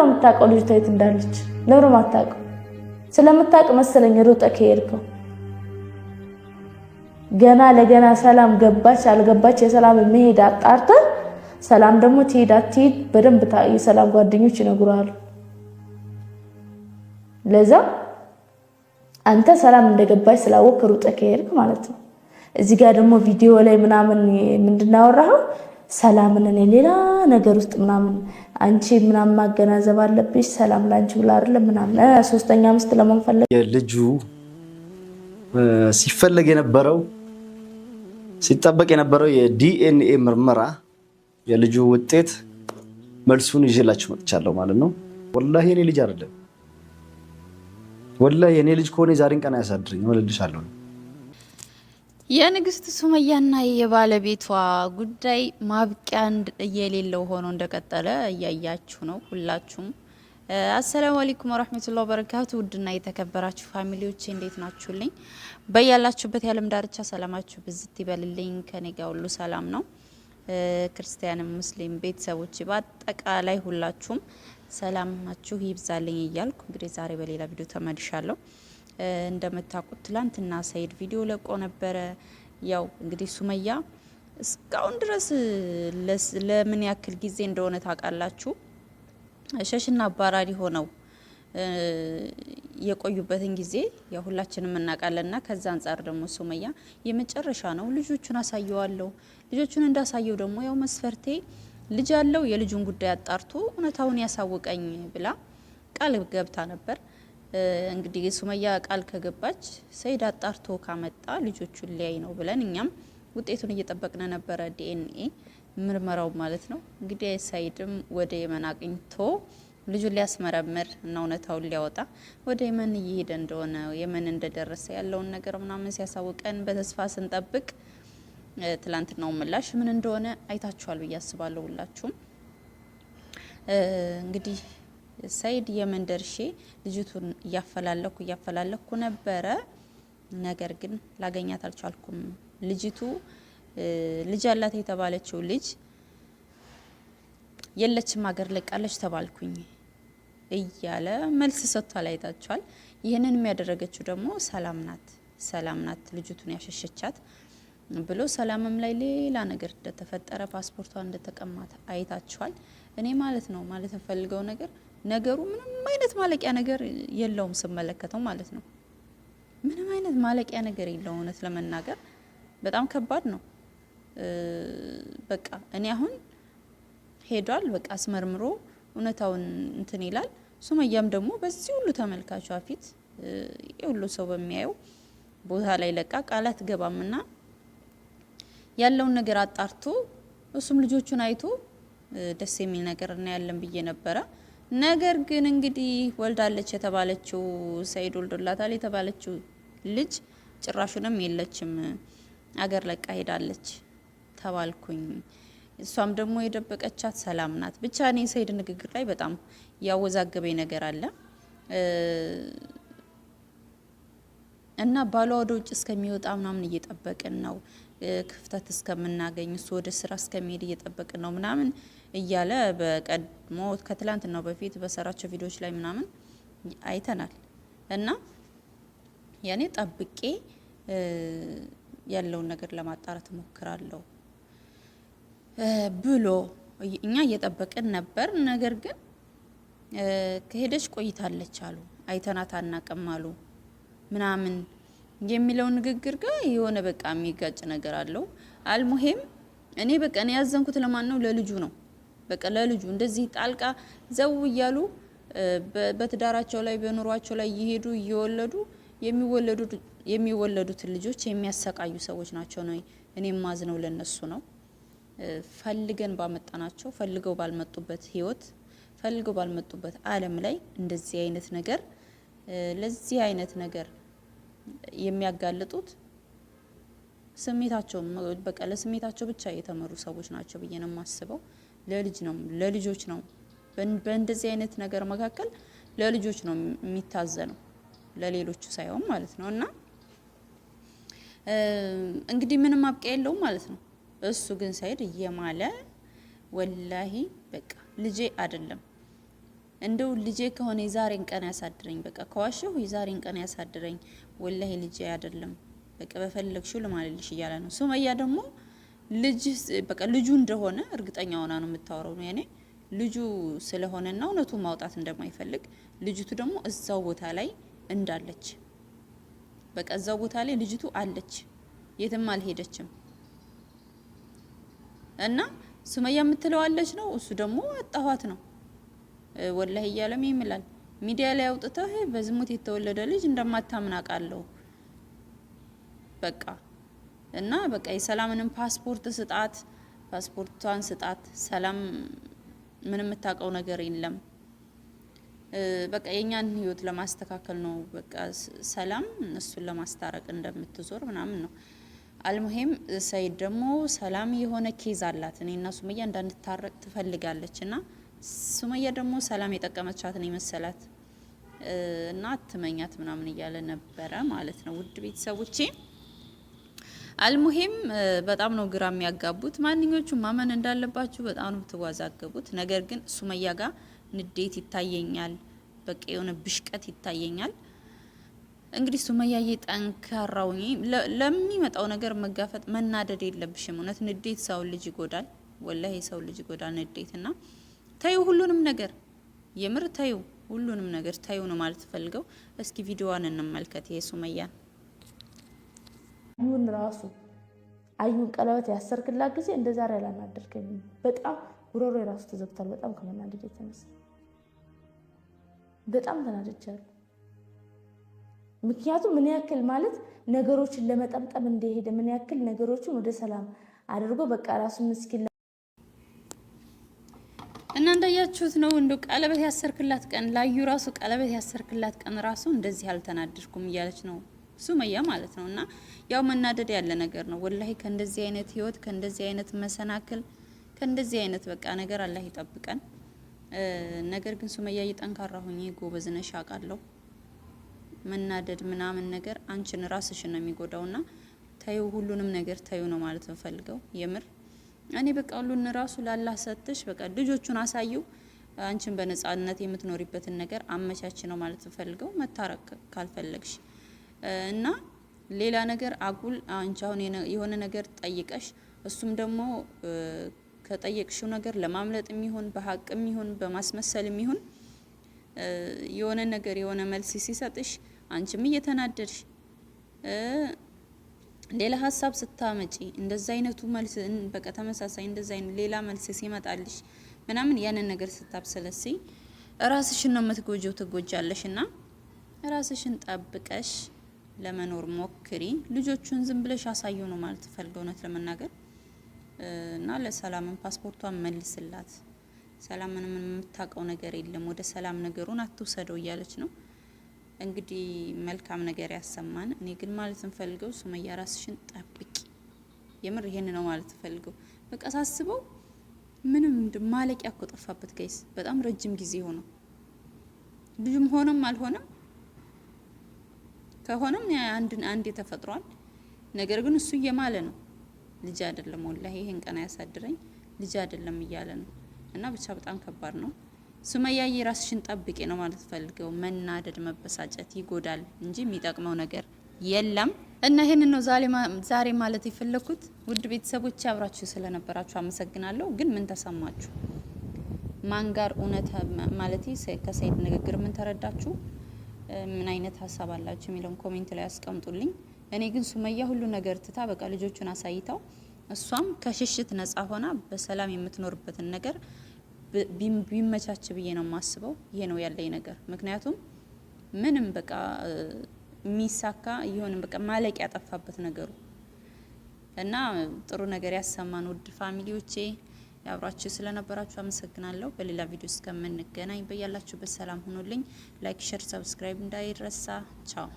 ነው የምታውቀው ልጅቷ የት እንዳለች ለምሮ ማታውቀው ስለምታውቅ መሰለኝ ሩጠ ከሄድከው ገና ለገና ሰላም ገባች አልገባች የሰላም መሄድ አጣርተ ሰላም ደግሞ ትሄድ አትሄድ በደንብ የሰላም ጓደኞች ይነግሩሃል። ለዛ አንተ ሰላም እንደገባች ስላወቅ ሩጠ ከሄድክ ማለት ነው። እዚህ ጋር ደግሞ ቪዲዮ ላይ ምናምን ምንድናወራኸው ሰላምንን የሌላ ነገር ውስጥ ምናምን አንቺ ምናምን ማገናዘብ አለብሽ። ሰላም ለአንቺ ብላ አይደለ ምናምን ሶስተኛ ምስት ለማንፈለግ የልጁ ሲፈለግ የነበረው ሲጠበቅ የነበረው የዲኤንኤ ምርመራ የልጁ ውጤት መልሱን ይዤላችሁ መጥቻለሁ ማለት ነው። ወላሂ የኔ ልጅ አይደለም። ወላሂ የኔ ልጅ ከሆነ የዛሬን ቀን አያሳድረኝ እመልልሻለሁ። የንግስት ሱመያና የባለቤቷ ጉዳይ ማብቂያ የሌለው ሆኖ እንደቀጠለ እያያችሁ ነው ሁላችሁም። አሰላሙ አለይኩም ወራህመቱላሂ ወበረካቱ። ውድና የተከበራችሁ ፋሚሊዎች እንዴት ናችሁልኝ? በያላችሁበት የዓለም ዳርቻ ሰላማችሁ ብዝት ይበልልኝ። ከኔ ጋር ሁሉ ሰላም ነው። ክርስቲያንም ሙስሊም ቤተሰቦች በአጠቃላይ ሁላችሁም ሰላማችሁ ይብዛልኝ እያልኩ እንግዲህ ዛሬ በሌላ ቪዲዮ ተመልሻለሁ። እንደምታውቁት ትላንትና ሰይድ ቪዲዮ ለቆ ነበረ። ያው እንግዲህ ሱመያ እስካሁን ድረስ ለምን ያክል ጊዜ እንደሆነ ታውቃላችሁ። ሸሽና አባራሪ ሆነው የቆዩበትን ጊዜ ያው ሁላችንም እናውቃለንና ከዛ አንጻር ደግሞ ሱመያ የመጨረሻ ነው ልጆቹን አሳየዋለሁ። ልጆቹን እንዳሳየው ደግሞ ያው መስፈርቴ ልጅ አለው የልጁን ጉዳይ አጣርቶ እውነታውን ያሳውቀኝ ብላ ቃል ገብታ ነበር። እንግዲህ ሱመያ ቃል ከገባች ሰይድ አጣርቶ ካመጣ ልጆቹን ሊያይ ነው ብለን እኛም ውጤቱን እየጠበቅነ ነበረ። ዲኤንኤ ምርመራው ማለት ነው። እንግዲህ ሰይድም ወደ የመን አቅኝቶ ልጁን ሊያስመረምር እና እውነታውን ሊያወጣ ወደ የመን እየሄደ እንደሆነ የመን እንደደረሰ ያለውን ነገር ምናምን ሲያሳውቀን በተስፋ ስንጠብቅ ትላንትናው ምላሽ ምን እንደሆነ አይታችኋል ብዬ አስባለሁ ሁላችሁም እንግዲህ ሰይድ የመን ደርሼ ልጅቱን እያፈላለኩ እያፈላለኩ ነበረ። ነገር ግን ላገኛት አልቻልኩም። ልጅቱ ልጅ አላት የተባለችው ልጅ የለችም፣ ሀገር ለቃለች ተባልኩኝ እያለ መልስ ሰጥቷል። አይታችኋል። ይህንን የሚያደረገችው ደግሞ ሰላም ናት፣ ሰላም ናት ልጅቱን ያሸሸቻት ብሎ ሰላምም ላይ ሌላ ነገር እንደተፈጠረ ፓስፖርቷ እንደተቀማት አይታችኋል። እኔ ማለት ነው ማለት የምፈልገው ነገር ነገሩ ምንም አይነት ማለቂያ ነገር የለውም ስመለከተው ማለት ነው። ምንም አይነት ማለቂያ ነገር የለው እውነት ለመናገር በጣም ከባድ ነው። በቃ እኔ አሁን ሄዷል፣ በቃ አስመርምሮ እውነታውን እንትን ይላል። ሱመያም ደግሞ በዚህ ሁሉ ተመልካቿ ፊት የሁሉ ሰው በሚያየው ቦታ ላይ ለቃ ቃላት ገባምና ያለውን ነገር አጣርቶ እሱም ልጆቹን አይቶ ደስ የሚል ነገር እናያለን ብዬ ነበረ። ነገር ግን እንግዲህ ወልዳለች የተባለችው ሰይድ ወልዶላታል የተባለችው ልጅ ጭራሹንም የለችም፣ አገር ለቃ ሄዳለች ተባልኩኝ። እሷም ደግሞ የደበቀቻት ሰላም ናት። ብቻ እኔ ሰይድ ንግግር ላይ በጣም ያወዛገበኝ ነገር አለ እና ባሏ ወደ ውጭ እስከሚወጣ ምናምን እየጠበቅን ነው፣ ክፍተት እስከምናገኝ እሱ ወደ ስራ እስከሚሄድ እየጠበቅን ነው ምናምን እያለ በቀድሞ ከትላንትናው በፊት በሰራቸው ቪዲዮዎች ላይ ምናምን አይተናል። እና ያኔ ጠብቄ ያለውን ነገር ለማጣራት እሞክራለሁ ብሎ እኛ እየጠበቅን ነበር። ነገር ግን ከሄደች ቆይታለች አሉ፣ አይተናት አናቅም አሉ ምናምን የሚለው ንግግር ጋር የሆነ በቃ የሚጋጭ ነገር አለው። አልሙሄም እኔ በቃ እኔ ያዘንኩት ለማን ነው? ለልጁ ነው። በቃ ለልጁ እንደዚህ ጣልቃ ዘው እያሉ በትዳራቸው ላይ በኑሯቸው ላይ እየሄዱ እየወለዱ የሚወለዱትን ልጆች የሚያሰቃዩ ሰዎች ናቸው። ነው እኔ ማዝነው ለነሱ ነው። ፈልገን ባመጣናቸው ፈልገው ባልመጡበት ህይወት ፈልገው ባልመጡበት ዓለም ላይ እንደዚህ አይነት ነገር ለዚህ አይነት ነገር የሚያጋልጡት ስሜታቸው በቃ ለስሜታቸው ብቻ የተመሩ ሰዎች ናቸው ብዬ ነው የማስበው። ለልጅ ነው ለልጆች ነው። በእንደዚህ አይነት ነገር መካከል ለልጆች ነው የሚታዘነው ለሌሎቹ ሳይሆን ማለት ነው። እና እንግዲህ ምንም አብቂያ የለውም ማለት ነው። እሱ ግን ሳይድ እየማለ ወላሂ በቃ ልጄ አይደለም እንደው ልጄ ከሆነ የዛሬን ቀን ያሳድረኝ፣ በቃ ከዋሸሁ የዛሬን ቀን ያሳድረኝ፣ ወላሂ ልጄ አይደለም፣ በቃ በፈለግሽው ልማልልሽ እያለ ነው ሱመያ ደግሞ ልጅ በቃ ልጁ እንደሆነ እርግጠኛ ሆና ነው የምታወራው ነው ያኔ ልጁ ስለሆነና እውነቱ ማውጣት እንደማይፈልግ ልጅቱ ደግሞ እዛው ቦታ ላይ እንዳለች በቃ እዛው ቦታ ላይ ልጅቱ አለች፣ የትም አልሄደችም። እና ሱመያ የምትለው አለች ነው እሱ ደግሞ አጣኋት ነው ወላህ እያለም ይምላል። ሚዲያ ላይ አውጥተህ በዝሙት የተወለደ ልጅ እንደማታምን አውቃለሁ በቃ እና በቃ የሰላምንም ፓስፖርት ስጣት፣ ፓስፖርቷን ስጣት። ሰላም ምን የምታውቀው ነገር የለም። በቃ የእኛን ህይወት ለማስተካከል ነው። በቃ ሰላም እሱን ለማስታረቅ እንደምትዞር ምናምን ነው። አልሙሄም ሰይድ ደግሞ ሰላም የሆነ ኬዝ አላት። እኔ እና ሱመያ እንዳንታረቅ ትፈልጋለች እና ሱመያ ደግሞ ሰላም የጠቀመቻትን የመሰላት እና አትመኛት ምናምን እያለ ነበረ ማለት ነው። ውድ ቤተሰቦቼ አልሙሂም በጣም ነው ግራ የሚያጋቡት። ማንኞቹ ማመን እንዳለባችሁ በጣም ነው የምትወዛገቡት። ነገር ግን ሱመያ ጋር ንዴት ይታየኛል፣ በቃ የሆነ ብሽቀት ይታየኛል። እንግዲህ ሱመያ ጠንካራው ለሚመጣው ነገር መጋፈጥ መናደድ የለብሽም። እውነት ንዴት ሰው ልጅ ይጎዳል፣ ወላሂ የሰው ልጅ ይጎዳል ንዴት እና ታዩ ሁሉንም ነገር የምር ታዩ ሁሉንም ነገር ታዩ ነው ማለት ፈልገው። እስኪ ቪዲዮዋን እንመልከት ይሄ ሱመያን ይሁን ራሱ አዩን ቀለበት ያሰርክላት ጊዜ እንደ ዛሬ አላናደርከኝም። በጣም ጉሮሮ የራሱ ተዘግቷል። በጣም ከመናደድ የተነሳ በጣም ተናድጃለሁ። ምክንያቱም ምን ያክል ማለት ነገሮችን ለመጠምጠም እንደሄደ ምን ያክል ነገሮችን ወደ ሰላም አድርጎ በቃ ራሱ ምስኪን እና እንዳያችሁት ነው። እንደ ቀለበት ያሰርክላት ቀን ላዩ ራሱ ቀለበት ያሰርክላት ቀን ራሱ እንደዚህ አልተናደድኩም እያለች ነው ሱመያ ማለት ነው። እና ያው መናደድ ያለ ነገር ነው ወላሂ። ከእንደዚህ አይነት ህይወት፣ ከእንደዚህ አይነት መሰናክል፣ ከእንደዚህ አይነት በቃ ነገር አላህ ይጠብቀን። ነገር ግን ሱመያ እየጠንካራ ሁኚ፣ ጎበዝ ነሽ አውቃለሁ። መናደድ ምናምን ነገር አንቺን ራስሽን ነው የሚጎዳውና ታዩ ሁሉንም ነገር ታዩ ነው ማለት ነው ፈልገው የምር እኔ በቃ ሁሉን ራሱ ላላህ ሰጥሽ በቃ ልጆቹን አሳዩ አንቺን በነጻነት የምትኖሪበትን ነገር አመቻች ነው ማለት ፈልገው መታረቅ ካልፈለግሽ እና ሌላ ነገር አጉል አንቺ አሁን የሆነ ነገር ጠይቀሽ እሱም ደግሞ ከጠየቅሽው ነገር ለማምለጥ የሚሆን በሀቅ የሚሆን በማስመሰል የሚሆን የሆነ ነገር የሆነ መልስ ሲሰጥሽ አንቺም እየተናደድሽ ሌላ ሀሳብ ስታመጪ እንደዛ አይነቱ መልስ በቃ ተመሳሳይ እንደዛ አይነት ሌላ መልስ ሲመጣልሽ ምናምን ያንን ነገር ስታብሰለሲ ራስሽን ነው የምትጎጂው፣ ትጎጃለሽ። እና ራስሽን ጠብቀሽ ለመኖር ሞክሪ። ልጆቹን ዝም ብለሽ አሳዩ ነው ማለት ፈልገው እውነት ለመናገር እና ለሰላምን ፓስፖርቷን መልስላት። ሰላም ምንም የምታውቀው ነገር የለም፣ ወደ ሰላም ነገሩን አትውሰደው እያለች ነው እንግዲህ። መልካም ነገር ያሰማን። እኔ ግን ማለት እንፈልገው ሱመያ ራስሽን ጠብቂ። የምር ይሄን ነው ማለት ፈልገው። በቃ ሳስበው ምንም ማለቂያ እኮ ጠፋበት ጋይስ። በጣም ረጅም ጊዜ ሆነው ልጁም ሆነም አልሆነም ከሆነም አንድ አንዴ ተፈጥሯል። ነገር ግን እሱ እየማለ ነው ልጅ አይደለም ወላሂ ይሄን ቀን ያሳድረኝ ልጅ አይደለም እያለ ነው። እና ብቻ በጣም ከባድ ነው። ሱመያ የራስሽን ጠብቄ ነው ማለት ፈልገው። መናደድ፣ መበሳጨት ይጎዳል እንጂ የሚጠቅመው ነገር የለም። እና ይሄንን ነው ዛሬ ማለት የፈለኩት። ውድ ቤተሰቦች አብራችሁ ስለነበራችሁ አመሰግናለሁ። ግን ምን ተሰማችሁ? ማን ጋር እውነት ማለት ከሰይድ ንግግር ምን ተረዳችሁ? ምን አይነት ሀሳብ አላችሁ የሚለውን ኮሜንት ላይ ያስቀምጡልኝ። እኔ ግን ሱመያ ሁሉ ነገር ትታ በቃ ልጆቹን አሳይተው እሷም ከሽሽት ነጻ ሆና በሰላም የምትኖርበትን ነገር ቢመቻች ብዬ ነው የማስበው። ይሄ ነው ያለኝ ነገር። ምክንያቱም ምንም በቃ የሚሳካ ይሆንም በቃ ማለቅ ያጠፋበት ነገሩ እና ጥሩ ነገር ያሰማን ውድ ፋሚሊዎቼ አብራችሁ ስለነበራችሁ አመሰግናለሁ። በሌላ ቪዲዮ እስከምንገናኝ በያላችሁበት ሰላም ሁኑልኝ። ላይክ፣ ሸር፣ ሰብስክራይብ እንዳይረሳ። ቻው